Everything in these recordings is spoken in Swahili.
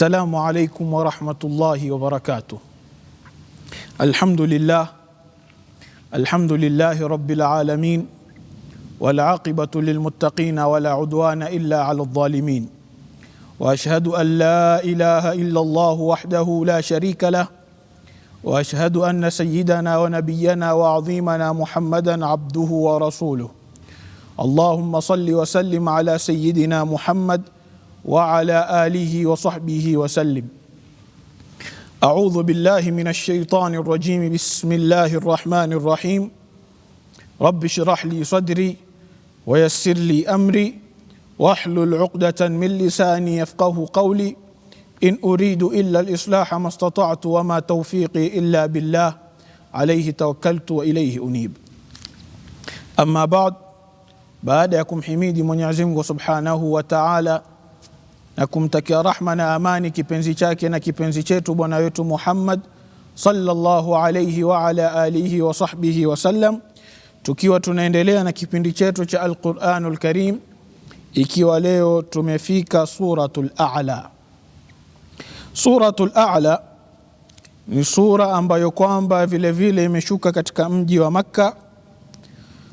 السلام عليكم ورحمة الله وبركاته الحمد لله الحمد لله رب العالمين والعاقبة للمتقين ولا عدوان إلا على الظالمين وأشهد أن لا إله إلا الله وحده لا شريك له وأشهد أن سيدنا ونبينا وعظيمنا محمدا عبده ورسوله اللهم صل وسلم على سيدنا محمد وعلى آله وصحبه وسلم أعوذ بالله من الشيطان الرجيم بسم الله الرحمن الرحيم رب اشرح لي صدري ويسر لي أمري واحلل عقدة من لساني يفقه قولي إن أريد إلا الإصلاح ما استطعت وما توفيقي إلا بالله عليه توكلت وإليه أنيب أما بعد بعدكم ya من Mwenyezi سبحانه وتعالى na kumtakia rahma na amani kipenzi chake na kipenzi chetu bwana wetu Muhammad sallallahu alayhi wa ala alihi wa sahbihi wasallam, tukiwa tunaendelea na kipindi chetu cha Alquranul Karim, ikiwa leo tumefika Suratul A'la. Suratul A'la ni sura ambayo kwamba vile vile imeshuka katika mji wa Makka.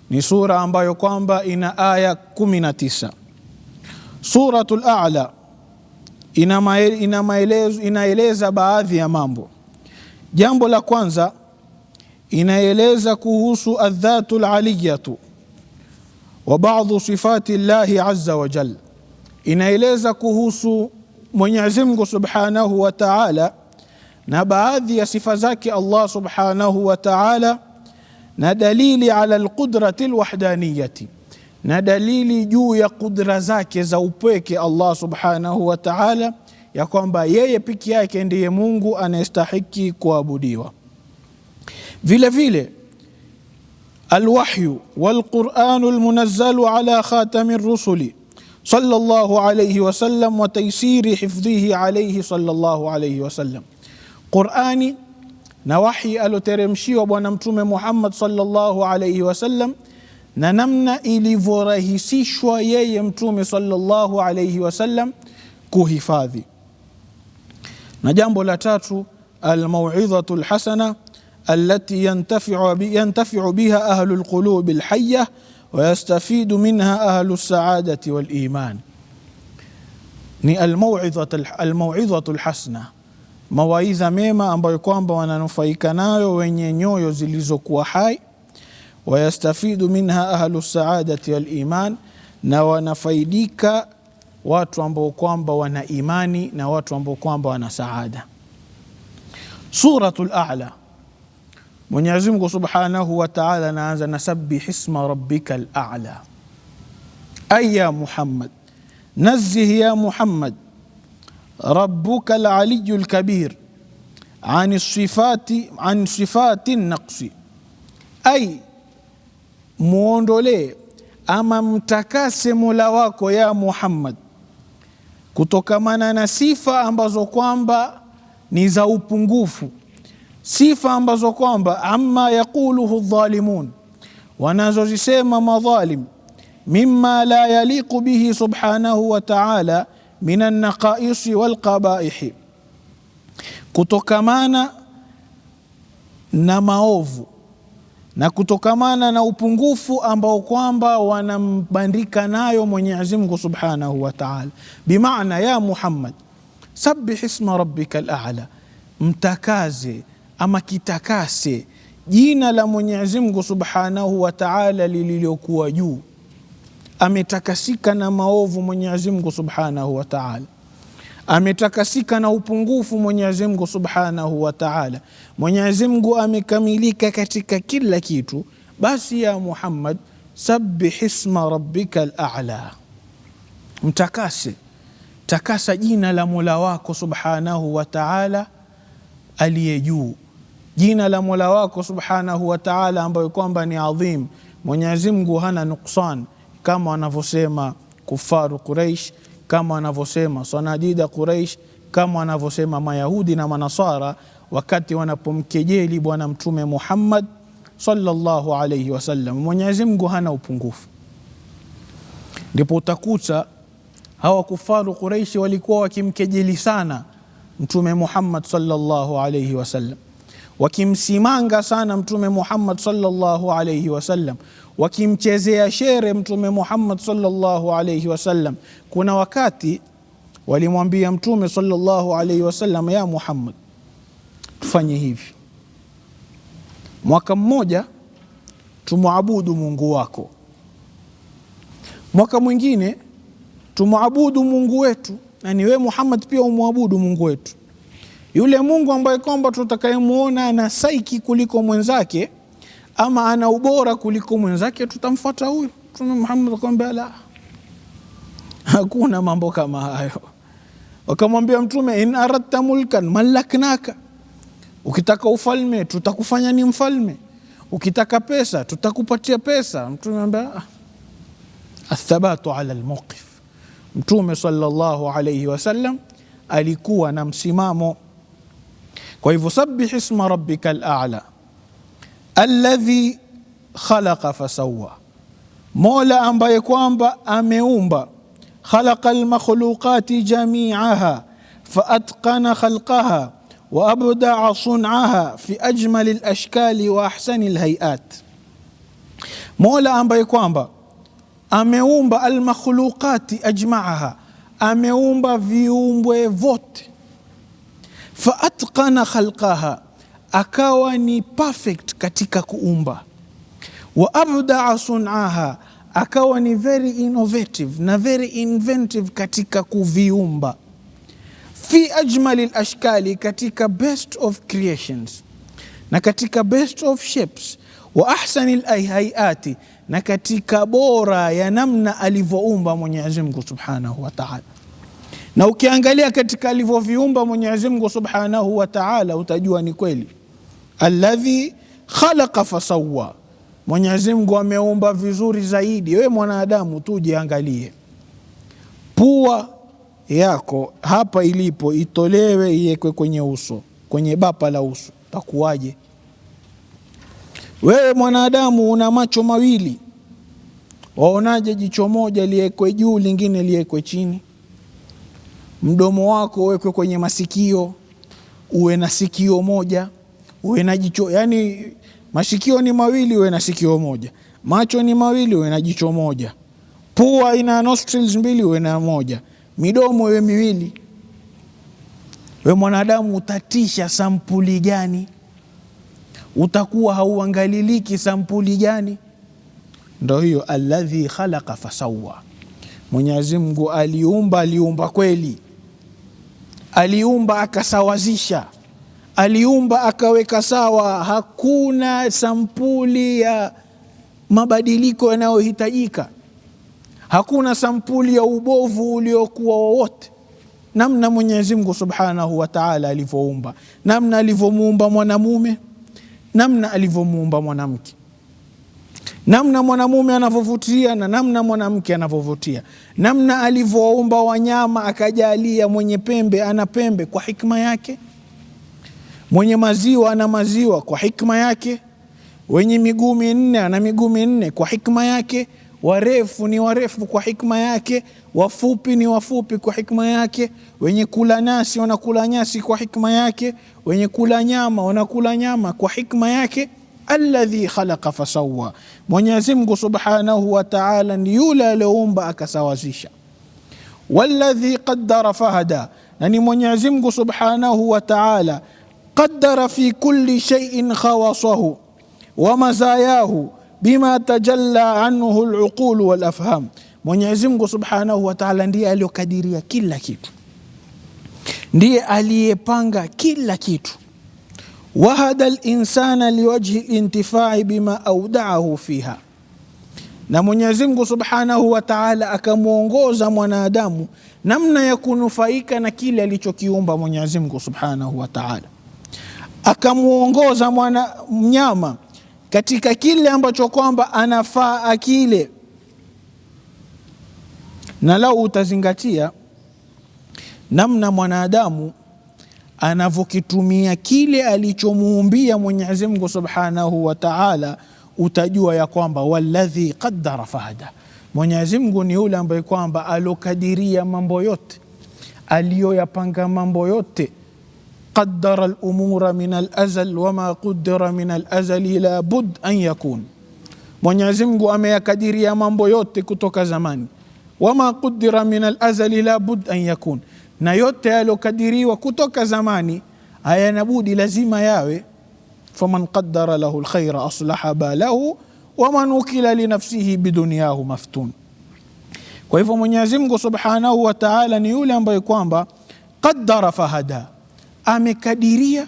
Ni sura ambayo kwamba ina aya 19. Suratul A'la inaeleza baadhi ya mambo. Jambo la kwanza inaeleza kuhusu adhatu laliyatu wa baadhi sifati llahi azza wa jal, inaeleza kuhusu Mwenyezi Mungu subhanahu wa taala na baadhi ya sifa zake Allah subhanahu wa taala, na dalili ala lqudrati lwahdaniyati na dalili juu ya kudra zake za upweke Allah subhanahu wa ta'ala, ya kwamba yeye piki yake ndiye Mungu anayestahiki kuabudiwa. Vile vile alwahyu walquranu lmunazzalu ala khatami rusuli sallallahu alayhi wasallam wa taysiri hifdhihi alayhi sallallahu alayhi wasallam, Qurani na wahi aloteremshiwa Bwana Mtume Muhammad sallallahu alayhi wasallam na namna ilivyorahisishwa yeye Mtume sallallahu alayhi wasallam kuhifadhi. Na jambo la tatu, almauidhatu lhasana alati yantafiu biha ahlu lqulubi lhaya wayastafidu minha ahlu lsaadati waliman, ni almauidhatu lhasana, mawaidha mema ambayo kwamba wananufaika nayo wenye nyoyo zilizokuwa hai ويستفيد منها أهل السعادة والإيمان na wanafaidika watu ambao kwamba wana imani na watu ambao kwamba wana saada. Suratul A'la, Mwenyezi Mungu subhanahu wa ta'ala anaanza na sabbih isma rabbikal a'la, ay ya Muhammad, nazzih ya Muhammad rabbukal aliyyul kabir an sifati an sifatin naqsi ay muondolee ama mtakase Mola wako ya Muhammad kutokamana na sifa ambazo kwamba ni za upungufu, sifa ambazo kwamba amma yaquluhu dhalimun, wanazozisema madhalim, mimma la yaliqu bihi subhanahu wa ta'ala min alnaqaisi walqabaihi, kutokamana na maovu na kutokamana na upungufu ambao kwamba wanambandika nayo Mwenyezi Mungu Subhanahu wa Ta'ala. Bimaana, ya Muhammad, sabbih isma rabbika al-a'la, mtakaze ama kitakase jina la Mwenyezi Mungu Subhanahu wa Ta'ala lililokuwa juu. Ametakasika na maovu Mwenyezi Mungu Subhanahu wa Ta'ala ametakasika na upungufu Mwenyezi Mungu Subhanahu wa Ta'ala. Mwenyezi Mungu amekamilika katika kila kitu. Basi ya Muhammad, sabbih isma rabbikal a'la, mtakase takasa jina la Mola wako Subhanahu wa Ta'ala aliye juu, jina la Mola wako Subhanahu wa Ta'ala ambayo kwamba ni adhim. Mwenyezi Mungu hana nuksan kama wanavyosema kufaru Quraish kama wanavyosema swanajida Quraish, kama wanavyosema Mayahudi na Manasara wakati wanapomkejeli Bwana Mtume Muhammad sallallahu alaihi wasallam. Mwenyezi Mungu hana upungufu, ndipo utakuta hawa kufaru Quraishi walikuwa wakimkejeli sana Mtume Muhammad sallallahu alaihi wasallam wakimsimanga sana Mtume Muhammad sallallahu alayhi wasallam, wakimchezea shere Mtume Muhammad sallallahu alayhi wasallam. Kuna wakati walimwambia Mtume sallallahu alayhi wasallam, ya Muhammad, tufanye hivi, mwaka mmoja tumwabudu Mungu wako, mwaka mwingine tumwabudu Mungu wetu, na ni we Muhammad pia umwabudu Mungu wetu yule Mungu ambaye kwamba tutakayemwona ana saiki kuliko mwenzake ama ana ubora kuliko mwenzake, tutamfuata huyu. Mtume Muhammad akamwambia la, hakuna mambo kama hayo. Wakamwambia Mtume, in aradta mulkan mallaknaka, ukitaka ufalme tutakufanya ni mfalme, ukitaka pesa tutakupatia pesa. Mtume ambia ah, athabatu ala lmuqif. Mtume sallallahu alaihi wasallam alikuwa na msimamo Kwa hivyo sabbih isma rabbika al-a'la alladhi khalaqa fasawa, mola ambaye kwamba ameumba, khalaqa al-makhluqati jami'aha faatqana khalqaha wa abdaa sun'aha fi ajmali al-ashkali wa ahsani al-hay'at, mola ambaye kwamba ameumba al-makhluqati ajma'aha, ameumba viumbwe vote faatqana khalqaha, akawa ni perfect katika kuumba. Wa abdaa sunaha, akawa ni very innovative na very inventive katika kuviumba. Fi ajmali lashkali, katika best of creations na katika best of shapes. Wa ahsani lhaiati, na katika bora ya namna alivyoumba Mwenyezi Mungu subhanahu wa taala na ukiangalia katika alivyoviumba Mwenyezi Mungu Subhanahu wa Ta'ala, utajua ni kweli. Alladhi khalaqa fasawa, Mwenyezi Mungu ameumba vizuri zaidi. Wewe mwanadamu tu jiangalie, pua yako hapa ilipo itolewe, iwekwe kwenye uso, kwenye bapa la uso, takuwaje? Wewe mwanadamu una macho mawili, waonaje? Jicho moja liwekwe juu, lingine liwekwe chini Mdomo wako uwekwe kwenye masikio, uwe na sikio moja, uwe na jicho, yani masikio ni mawili, uwe na sikio moja, macho ni mawili, uwe na jicho moja, pua ina nostrils mbili, uwe na moja, midomo iwe miwili. We mwanadamu, utatisha sampuli gani? Utakuwa hauangaliliki sampuli gani? Ndo hiyo alladhi khalaqa fasawa. Mwenyezi Mungu aliumba, aliumba kweli aliumba akasawazisha, aliumba akaweka sawa. Hakuna sampuli ya mabadiliko yanayohitajika, hakuna sampuli ya ubovu uliokuwa wowote. Namna Mwenyezi Mungu Subhanahu wa Ta'ala alivyoumba, namna alivyomuumba mwanamume, namna alivyomuumba mwanamke namna mwanamume anavyovutia na namna mwanamke anavyovutia, namna alivyoumba wanyama akajalia, mwenye pembe ana pembe kwa hikma yake, mwenye maziwa ana maziwa kwa hikma yake, wenye miguu minne ana miguu minne kwa hikma yake, warefu ni warefu kwa hikma yake, wafupi ni wafupi kwa hikma yake, wenye kula nasi wanakula nyasi kwa hikma yake, wenye kula nyama wanakula nyama kwa hikma yake alladhi khalaqa fasawa, Mwenyezi Mungu subhanahu wa taala ni yule aliyoumba akasawazisha. Walladhi qaddara fahada, na ni Mwenyezi Mungu subhanahu wa taala qaddara fi kulli shay'in khawasahu wa mazayahu bima tajalla anhu al-uqul wal afham. Mwenyezi Mungu subhanahu wa taala ndiye aliyokadiria kila kitu, ndiye aliyepanga kila kitu wahada linsana liwajhi lintifai bima audaahu fiha, na Mwenyezi Mungu subhanahu wa taala akamwongoza mwanadamu namna ya kunufaika na kile alichokiumba Mwenyezi Mungu subhanahu wa taala, akamwongoza mwana mnyama katika kile ambacho kwamba anafaa akile, na lau utazingatia namna mwanadamu anavyokitumia kile alichomuumbia Mwenyezi Mungu Subhanahu wa Ta'ala, utajua ya kwamba walladhi qaddara fahada, Mwenyezi Mungu ni yule ambaye kwamba alokadiria mambo yote, aliyoyapanga mambo yote qaddara lumura min alazal wama qudira min alazali la bud an yakun, Mwenyezi Mungu ameyakadiria mambo yote kutoka zamani. Wama qudira min alazali la bud an yakun na yote yaliyokadiriwa kutoka zamani ayanabudi lazima yawe. faman qaddara lahu lkhaira aslaha balahu waman ukila linafsihi bidunyahu maftun. Kwa hivyo Mwenyezi Mungu subhanahu wa taala ni yule ambaye kwamba qaddara fahada, amekadiria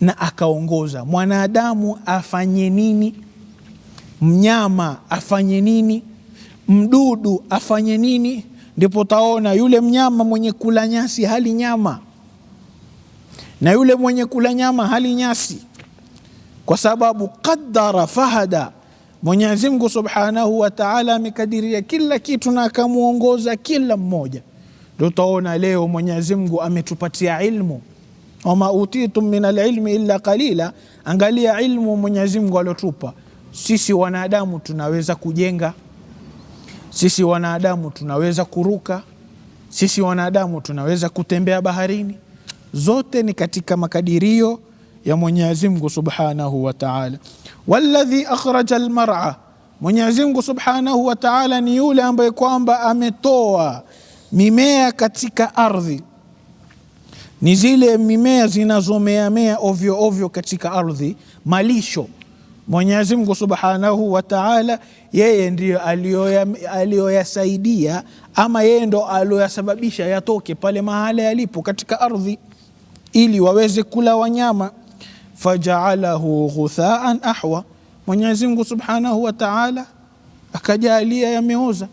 na akaongoza. Mwanadamu afanye nini? Mnyama afanye nini? Mdudu afanye nini? ndipo taona yule mnyama mwenye kula nyasi hali nyama na yule mwenye kula nyama hali nyasi, kwa sababu qaddara fahada, Mwenyezi Mungu Subhanahu wa Ta'ala amekadiria kila kitu na akamwongoza kila mmoja. Ndio utaona leo Mwenyezi Mungu ametupatia ilmu, wama utitum min alilmi illa qalila. Angalia ilmu Mwenyezi Mungu aliotupa sisi wanadamu, tunaweza kujenga sisi wanadamu tunaweza kuruka, sisi wanadamu tunaweza kutembea baharini, zote ni katika makadirio ya Mwenyezi Mungu Subhanahu wa Ta'ala. Walladhi akhraja almar'a, Mwenyezi Mungu Subhanahu wa Ta'ala ni yule ambaye kwamba ametoa mimea katika ardhi, ni zile mimea zinazomeamea ovyo ovyo katika ardhi, malisho Mwenyezi Mungu Subhanahu wa Ta'ala, yeye ndiyo aliyoyasaidia ama yeye ndo aliyoyasababisha yatoke pale mahala yalipo katika ardhi, ili waweze kula wanyama. Fajaalahu ghuthaan ahwa, Mwenyezi Mungu Subhanahu wa Ta'ala akajalia yameoza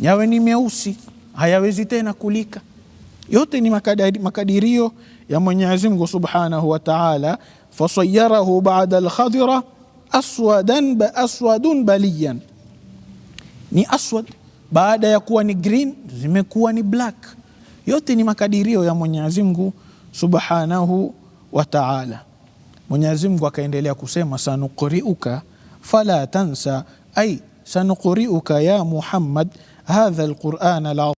yawe ni meusi, hayawezi tena kulika. Yote ni makadirio ya Mwenyezi Mungu Subhanahu wa Ta'ala. Fasayarahu ba'da al aswadan ba aswadun baliyan ni aswad baada ya kuwa ni green zimekuwa ni black. Yote ni makadirio ya Mwenyezi Mungu subhanahu wa taala. Mwenyezi Mungu akaendelea kusema sanuqriuka fala tansa ay sanuqriuka ya Muhammad hadha alquran al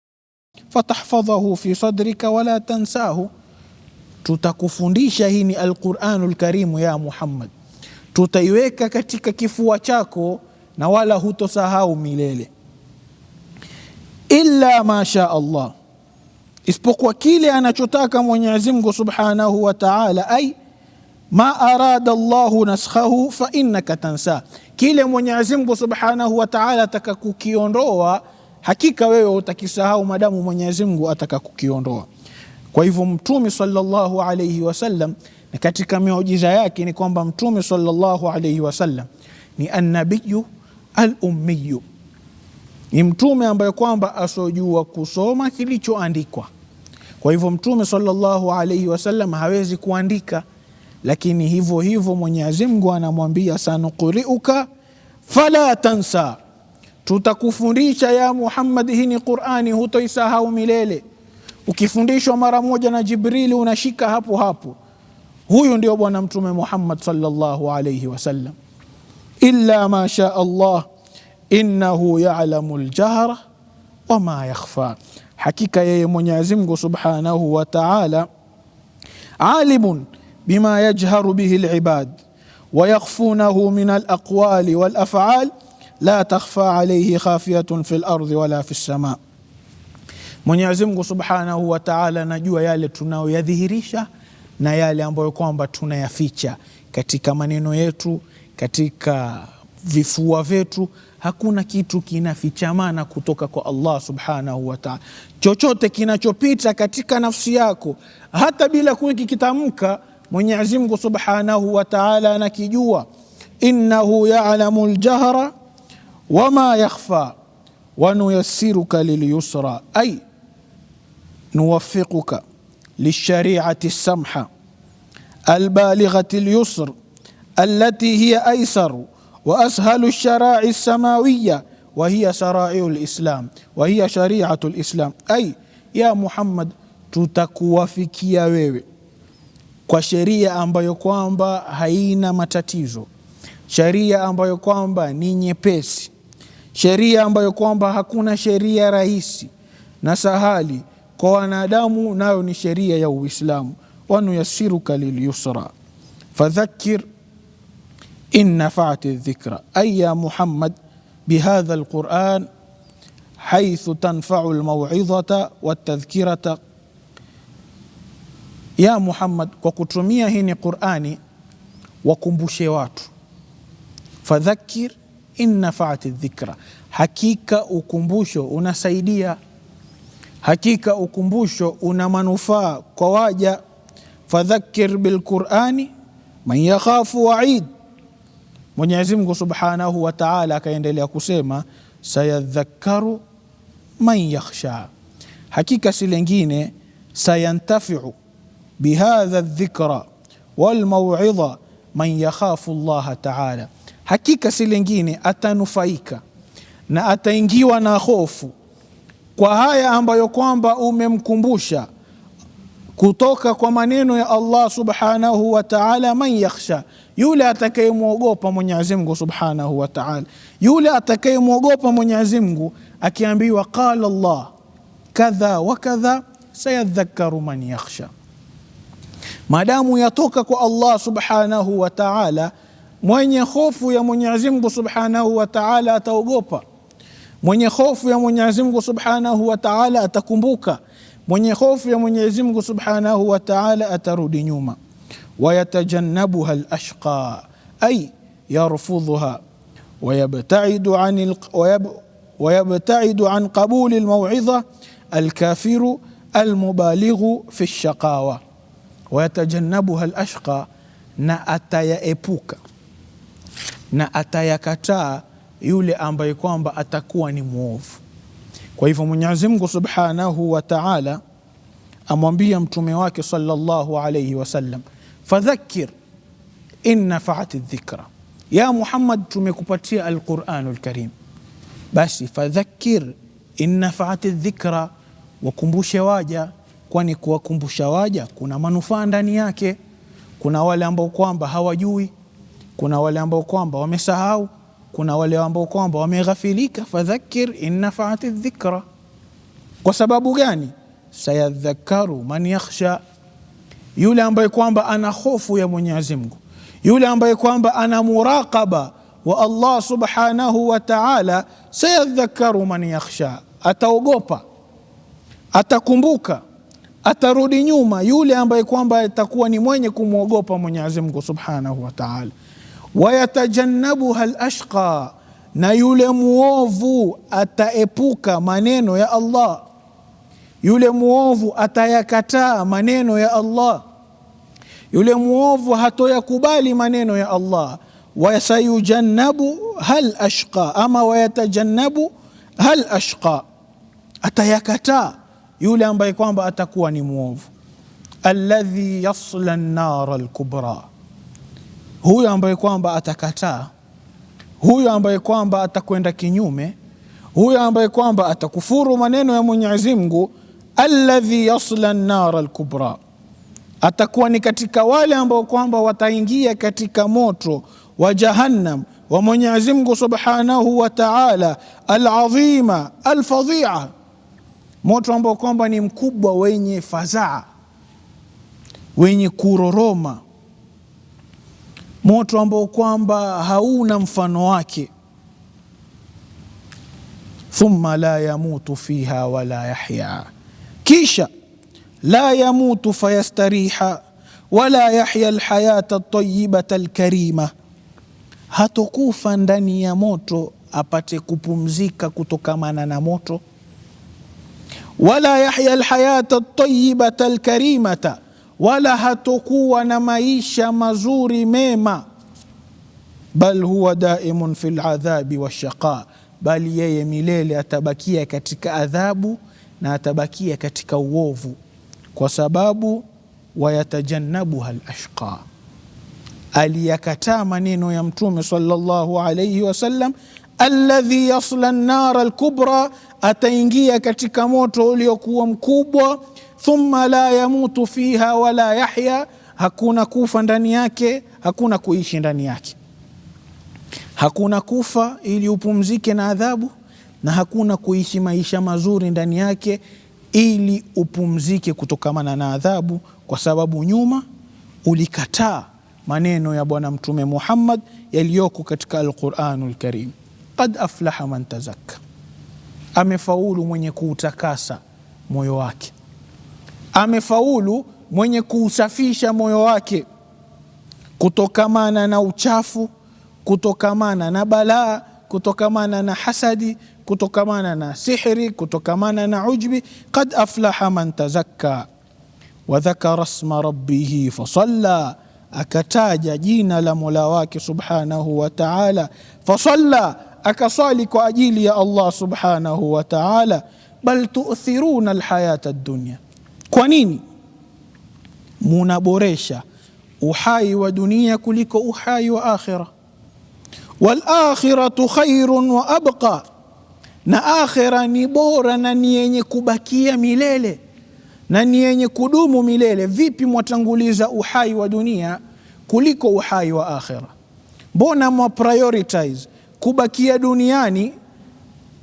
fatahfadhahu fi sadrika wala tansahu, tutakufundisha hii ni alquranu lkarimu ya Muhammad tutaiweka katika kifua chako na wala hutosahau milele. Illa ma Allah, isipokuwa kile anachotaka Mwenyezi Mungu subhanahu wa taala. Ai ma arada Allahu naskhahu fa innaka tansa, kile Mwenyezi Mungu subhanahu wa taala ataka kukiondoa, hakika wewe utakisahau madamu Mwenyezi Mungu ataka kukiondoa. Kwa hivyo Mtume sallallahu alayhi wasallam na katika miujiza yake ni kwamba Mtume sallallahu alaihi wasallam ni annabiyu alummiyu, ni mtume ambaye kwamba asojua kusoma kilichoandikwa. Kwa hivyo Mtume sallallahu alaihi wasallam hawezi kuandika, lakini hivyo hivyo Mwenyezi Mungu anamwambia sanuqriuka fala tansa, tutakufundisha ya Muhammad. Hii ni Qurani, hutoisahau milele. Ukifundishwa mara moja na Jibrili unashika hapo hapo Huyu ndio Bwana Mtume Muhammad sallallahu alayhi wasallam. Illa ma sha Allah innahu ya'lamu ljahra wama yakhfa, hakika yeye Mwenyezi Mungu subhanahu wa ta'ala alimun bima yajharu bihi libad wa yakhfunahu min alaqwali walaf'al la takhfa alayhi khafiyatun fi lardi wala fi lsama, Mwenyezi Mungu subhanahu wa ta'ala anajua yale tunayoyadhihirisha na yale ambayo kwamba tunayaficha katika maneno yetu, katika vifua vyetu. Hakuna kitu kinafichamana kutoka kwa Allah subhanahu wa ta'ala. Chochote kinachopita katika nafsi yako hata bila kukikitamka, Mwenyezi Mungu subhanahu wa ta'ala anakijua, innahu ya'lamu ljahra wama yakhfa wanuyasiruka lilyusra ai nuwafiquka lishariati lsamha albalighati lyusr alati hiya aisaru wa ashalu lsharai lsamawiya wa hiya sharaiu lislam wa hiya shariatu lislam. Ai ya Muhammad, tutakuwafikia wewe kwa sheria ambayo kwamba haina matatizo, sheria ambayo kwamba ni nyepesi, sheria ambayo kwamba hakuna sheria rahisi na sahali kwa wanadamu, nayo ni sheria ya Uislamu. wanuyasiruka lilyusra fadhakir in nafaati dhikra ay ya Muhammad bihadha alquran haithu tanfau almauidhata waltadhkirata. Ya Muhammad, kwa kutumia hii ni Qurani wakumbushe watu. Fadhakir in nafaati dhikra, hakika ukumbusho unasaidia Hakika ukumbusho una manufaa kwa waja. Fadhakir bilqurani man yakhafu waid. Mwenyezi Mungu subhanahu wa taala akaendelea kusema sayadhakkaru man yakhsha, hakika si lengine sayantafiu bihadha dhikra walmauidha man yakhafu llaha taala, hakika si lengine atanufaika na ataingiwa na hofu kwa haya ambayo kwamba umemkumbusha kutoka kwa maneno ya Allah subhanahu wa ta'ala, man yakhsha, yule atakayemwogopa Mwenyezi Mungu subhanahu wa ta'ala, yule atakayemwogopa Mwenyezi Mungu akiambiwa qala Allah kadha wa kadha sayadhakkaru man yakhsha. Maadamu yatoka kwa Allah subhanahu wa ta'ala, mwenye hofu ya Mwenyezi Mungu subhanahu wa ta'ala ataogopa Mwenye hofu ya Mwenyezi Mungu Subhanahu wa Ta'ala atakumbuka, mwenye hofu ya Mwenyezi Mungu Subhanahu wa Ta'ala atarudi nyuma. Wayatajannabuha al-ashqa ay yarfudhuha wayabtaidu an wayabtaidu an qabuli al-maw'idha al-kafiru al-mubalighu fi ash-shaqawa. Wayatajannabuha al-ashqa, na atayaepuka na atayakataa yule ambaye kwamba atakuwa ni mwovu. Kwa hivyo Mwenyezi Mungu Subhanahu wa Ta'ala amwambia mtume wake sallallahu alayhi wasallam, fadhakir in nafaati dhikra, ya Muhammad, tumekupatia Alquranul lkarim basi fadhakir in nafaati dhikra, wakumbushe waja, kwani kuwakumbusha waja kuna manufaa ndani yake. Kuna wale ambao kwamba hawajui, kuna wale ambao kwamba wamesahau kuna wale ambao kwamba wameghafilika, fadhakir in nafaati dhikra. Kwa sababu gani? sayadhakaru man yakhsha, yule ambaye kwamba ana hofu ya Mwenyezi Mungu, yule ambaye kwamba ana muraqaba wa Allah subhanahu wa ta'ala. Sayadhakaru man yakhsha, ataogopa, atakumbuka, atarudi nyuma yule ambaye kwamba atakuwa ni mwenye kumwogopa Mwenyezi Mungu subhanahu wa ta'ala. wayatajannabuha alashqa, na yule mwovu ataepuka maneno ya Allah, yule mwovu atayakataa maneno ya Allah, yule mwovu hatoyakubali maneno ya Allah. Wasayujannabu hal ashqa, ama wayatajannabu hal ashqa, atayakataa yule ambaye kwamba atakuwa ni mwovu, alladhi yasla nnara lkubra huyo ambaye kwamba atakataa, huyo ambaye kwamba atakwenda kinyume, huyo ambaye kwamba atakufuru maneno ya Mwenyezi Mungu, alladhi yasla an-nar al-kubra, atakuwa ni katika wale ambao kwamba wataingia katika moto wa jahannam wa Mwenyezi Mungu Subhanahu wa Ta'ala, al-azima al moto ambao kwamba ni mkubwa wenye fadhaa wenye kuroroma moto ambao kwamba hauna mfano wake. Thumma la yamutu fiha wala yahya, kisha la yamutu fayastariha wala yahya alhayata altayibata alkarima, hatokufa ndani ya moto apate kupumzika kutokamana na moto. Wala yahya alhayata altayibata alkarimata wala hatokuwa na maisha mazuri mema, bal huwa daimun fi ladhabi washaqa, bali yeye milele atabakia katika adhabu na atabakia katika uovu, kwa sababu wayatajannabuha lashqa Aliyakataa maneno ya Mtume sallallahu alayhi wasallam, alladhi yasla nnara lkubra, ataingia katika moto uliokuwa mkubwa thumma la yamutu fiha wala yahya, hakuna kufa ndani yake, hakuna kuishi ndani yake. Hakuna kufa ili upumzike na adhabu, na hakuna kuishi maisha mazuri ndani yake ili upumzike kutokamana na adhabu, kwa sababu nyuma ulikataa maneno ya Bwana Mtume Muhammad yaliyoko katika Alquranul Karim, qad aflaha man tazakka, amefaulu mwenye kuutakasa moyo wake amefaulu mwenye kuusafisha moyo wake kutokamana na uchafu, kutokamana na balaa, kutokamana na hasadi, kutokamana na sihri, kutokamana na ujbi. Qad aflaha man tazakka wa dhakara sma rabbihi fasalla, akataja jina la mola wake subhanahu wa taala. Fasalla, akaswali kwa ajili ya Allah subhanahu wa taala. Bal tu'thiruna alhayata ad-dunya kwa nini munaboresha uhai wa dunia kuliko uhai wa akhira? Wal akhiratu khairun wa abqa, na akhira ni bora na ni yenye kubakia milele na ni yenye kudumu milele. Vipi mwatanguliza uhai wa dunia kuliko uhai wa akhira? Mbona mwa prioritize kubakia duniani,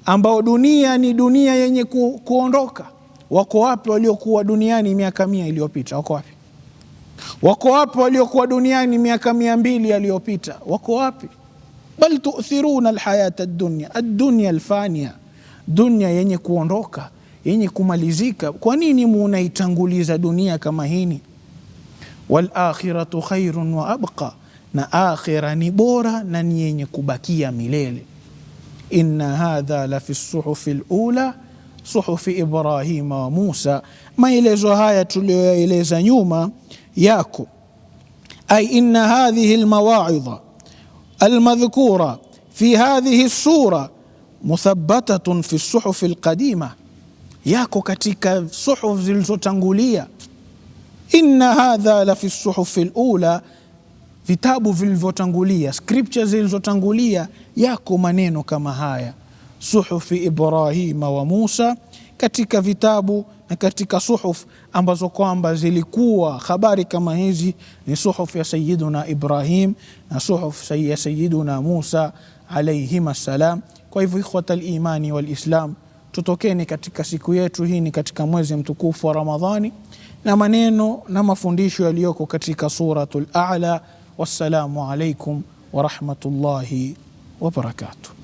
ambao dunia ni dunia yenye ku, kuondoka Wako wapi waliokuwa duniani miaka mia iliyopita? Wako wapi? Wako wapi waliokuwa duniani miaka mia mbili yaliyopita? Wako wapi? Bal tuthiruna lhayata dunya, addunya alfania, dunya yenye kuondoka, yenye kumalizika. Kwa nini munaitanguliza dunia kama hini? Walakhiratu khairun wa abqa, na akhira ni bora na ni yenye kubakia milele. Inna hadha lafi suhufi lula suhufi Ibrahima wa Musa, maelezo haya tuliyoyaeleza nyuma yako. Ai inna hadhihi almawaidha almadhkura fi hadhihi sura muthabatatun fi suhufi alqadima, yako katika suhuf zilizotangulia. Inna hadha la fi suhufi lula vitabu vilivyotangulia, scriptures zilizotangulia, yako maneno kama haya suhufi Ibrahima wa Musa, katika vitabu na katika suhuf ambazo kwamba zilikuwa habari kama hizi ni suhuf ya Sayiduna Ibrahim na suhuf ya Sayiduna Musa alaihim salam Kwa hivyo, ikhwata limani walislam, tutokeni katika siku yetu hii, ni katika mwezi mtukufu wa Ramadhani na maneno na mafundisho yaliyoko katika Suratul A'la. Wassalamu alaikum warahmatullahi wabarakatuh.